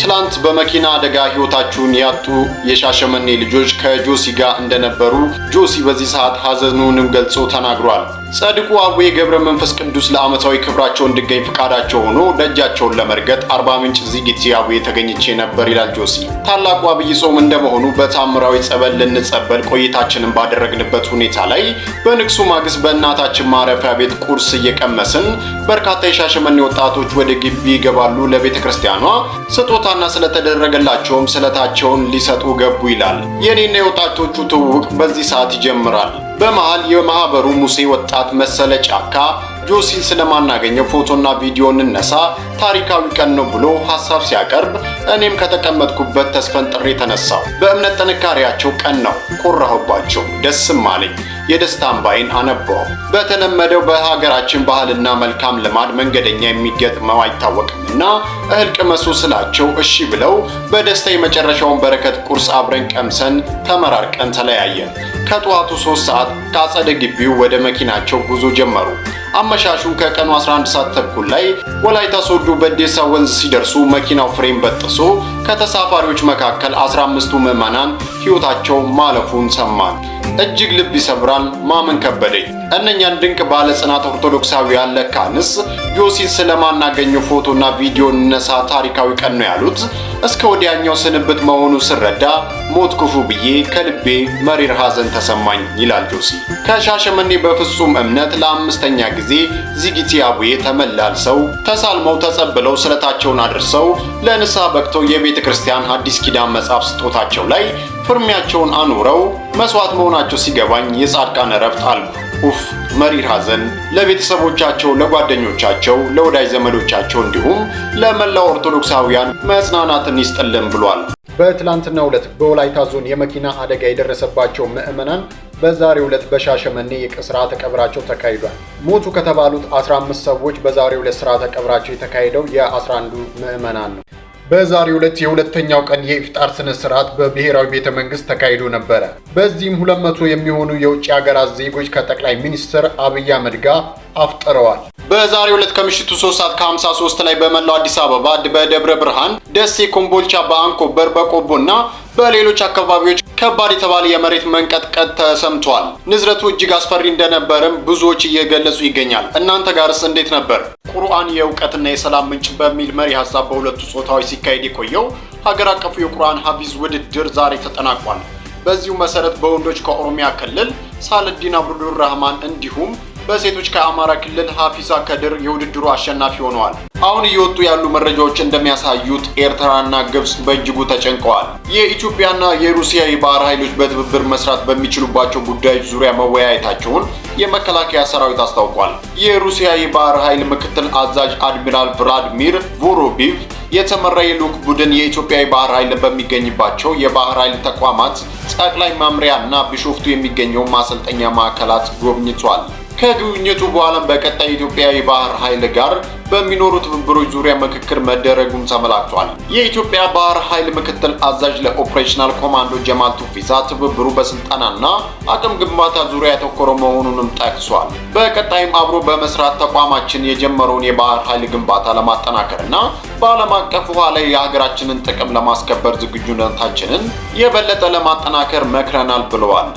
ትላንት በመኪና አደጋ ህይወታቸውን ያጡ የሻሸመኔ ልጆች ከጆሲ ጋር እንደነበሩ ጆሲ በዚህ ሰዓት ሀዘኑንም ገልጾ ተናግሯል። ጸድቁ አቡነ ገብረ መንፈስ ቅዱስ ለዓመታዊ ክብራቸው እንድገኝ ፈቃዳቸው ሆኖ ደጃቸውን ለመርገጥ አርባ ምንጭ ዚጊት አቡነ ተገኝቼ ነበር ይላል ጆሲ። ታላቁ አብይ ጾም እንደመሆኑ በታምራዊ ጸበል ልንጸበል ቆይታችንን ባደረግንበት ሁኔታ ላይ በንግሱ ማግስት በእናታችን ማረፊያ ቤት ቁርስ እየቀመስን በርካታ የሻሸመኔ ወጣቶች ወደ ግቢ ይገባሉ። ለቤተ ክርስቲያኗ ስጦታ ስጦታና ስለተደረገላቸውም ስለታቸውን ሊሰጡ ገቡ ይላል። የኔና የወጣቶቹ ትውውቅ በዚህ ሰዓት ይጀምራል። በመሃል የማህበሩ ሙሴ ወጣት መሰለ ጫካ ጆሲን ስለማናገኘው ፎቶና ቪዲዮ እንነሳ፣ ታሪካዊ ቀን ነው ብሎ ሀሳብ ሲያቀርብ እኔም ከተቀመጥኩበት ተስፈንጥሬ ተነሳው። በእምነት ጥንካሬያቸው ቀን ነው፣ ቆራሁባቸው፣ ደስም አለኝ። የደስታ እምባይን አነባው። በተለመደው በሀገራችን ባህልና መልካም ልማድ መንገደኛ የሚገጥመው አይታወቅምና እህል ቅመሱ ስላቸው እሺ ብለው በደስታ የመጨረሻውን በረከት ቁርስ አብረን ቀምሰን ተመራርቀን ተለያየን። ከጠዋቱ ሶስት ሰዓት ከአጸደ ግቢው ወደ መኪናቸው ጉዞ ጀመሩ። አመሻሹ ከቀኑ 11 ሰዓት ተኩል ላይ ወላይታ ሶዶ በዴሳ ወንዝ ሲደርሱ መኪናው ፍሬም በጥሶ ከተሳፋሪዎች መካከል 15ቱ ምዕመናን ሕይወታቸው ማለፉን ሰማን። እጅግ ልብ ይሰብራል። ማመን ከበደኝ። እነኛን ድንቅ ባለ ጽናት ኦርቶዶክሳዊ ያለካንስ! ዮሲን ስለማናገኘው ፎቶና ቪዲዮ እነሳ ታሪካዊ ቀን ነው ያሉት እስከ ወዲያኛው ስንብት መሆኑ ስረዳ ሞት ክፉ ብዬ ከልቤ መሪር ሐዘን ተሰማኝ ይላል ጆሲ። ከሻሸመኔ በፍጹም እምነት ለአምስተኛ ጊዜ ዚጊቲ አቡዬ ተመላልሰው ተሳልመው ተጸብለው ስለታቸውን አድርሰው ለንሳ በቅተው የቤተ ክርስቲያን አዲስ ኪዳን መጽሐፍ ስጦታቸው ላይ ፍርሚያቸውን አኑረው መስዋዕት መሆናቸው ሲገባኝ የጻድቃን እረፍት አልኩ። ኡፍ መሪር ሐዘን ለቤተሰቦቻቸው፣ ለጓደኞቻቸው፣ ለወዳጅ ዘመዶቻቸው እንዲሁም ለመላው ኦርቶዶክሳውያን መጽናናትን ይስጥልን ብሏል። በትላንትናው ዕለት በወላይታ ዞን የመኪና አደጋ የደረሰባቸው ምዕመናን በዛሬው ዕለት በሻሸመኔ የሥርዓተ ቀብራቸው ተካሂዷል። ሞቱ ከተባሉት 15 ሰዎች በዛሬው ዕለት ሥርዓተ ቀብራቸው የተካሄደው የ11ዱ ምዕመናን ነው። በዛሬው ዕለት የሁለተኛው ቀን የኢፍጣር ስነ ስርዓት በብሔራዊ ቤተ መንግስት ተካሂዶ ነበረ። በዚህም 200 መቶ የሚሆኑ የውጭ ሀገራት ዜጎች ከጠቅላይ ሚኒስትር አብይ አህመድ ጋር አፍጥረዋል። በዛሬው ዕለት ከምሽቱ 3 ሰዓት ከ53 ላይ በመላው አዲስ አበባ፣ በደብረ ብርሃን፣ ደሴ፣ ኮምቦልቻ፣ በአንኮበር፣ በቆቦ እና በሌሎች አካባቢዎች ከባድ የተባለ የመሬት መንቀጥቀጥ ተሰምቷል። ንዝረቱ እጅግ አስፈሪ እንደነበርም ብዙዎች እየገለጹ ይገኛል። እናንተ ጋርስ እንዴት ነበር? ቁርአን የእውቀትና የሰላም ምንጭ በሚል መሪ ሀሳብ በሁለቱ ጾታዎች ሲካሄድ የቆየው ሀገር አቀፉ የቁርአን ሀፊዝ ውድድር ዛሬ ተጠናቋል። በዚሁ መሰረት በወንዶች ከኦሮሚያ ክልል ሳልዲን አብዱር እንዲሁም በሴቶች ከአማራ ክልል ሀፊሳ ከድር የውድድሩ አሸናፊ ሆነዋል። አሁን እየወጡ ያሉ መረጃዎች እንደሚያሳዩት ኤርትራና ግብጽ በእጅጉ ተጨንቀዋል። የኢትዮጵያና የሩሲያ የባህር ኃይሎች በትብብር መስራት በሚችሉባቸው ጉዳዮች ዙሪያ መወያየታቸውን የመከላከያ ሰራዊት አስታውቋል። የሩሲያ የባህር ኃይል ምክትል አዛዥ አድሚራል ቭላድሚር ቮሮቢቭ የተመራ የልዑክ ቡድን የኢትዮጵያ የባህር ኃይል በሚገኝባቸው የባህር ኃይል ተቋማት ጠቅላይ መምሪያ ቢሾፍቱ የሚገኘው ማሰልጠኛ ማዕከላት ጎብኝቷል። ከጉብኝቱ በኋላም በቀጣይ ኢትዮጵያ የባህር ኃይል ጋር በሚኖሩ ትብብሮች ዙሪያ ምክክር መደረጉን ተመላክቷል። የኢትዮጵያ ባህር ኃይል ምክትል አዛዥ ለኦፕሬሽናል ኮማንዶ ጀማል ቱፊሳ ትብብሩ በስልጠናና አቅም ግንባታ ዙሪያ ያተኮረ መሆኑንም ጠቅሷል። በቀጣይም አብሮ በመስራት ተቋማችን የጀመረውን የባህር ኃይል ግንባታ ለማጠናከርና በዓለም አቀፍ ውሃ ላይ የሀገራችንን ጥቅም ለማስከበር ዝግጁነታችንን የበለጠ ለማጠናከር መክረናል ብለዋል።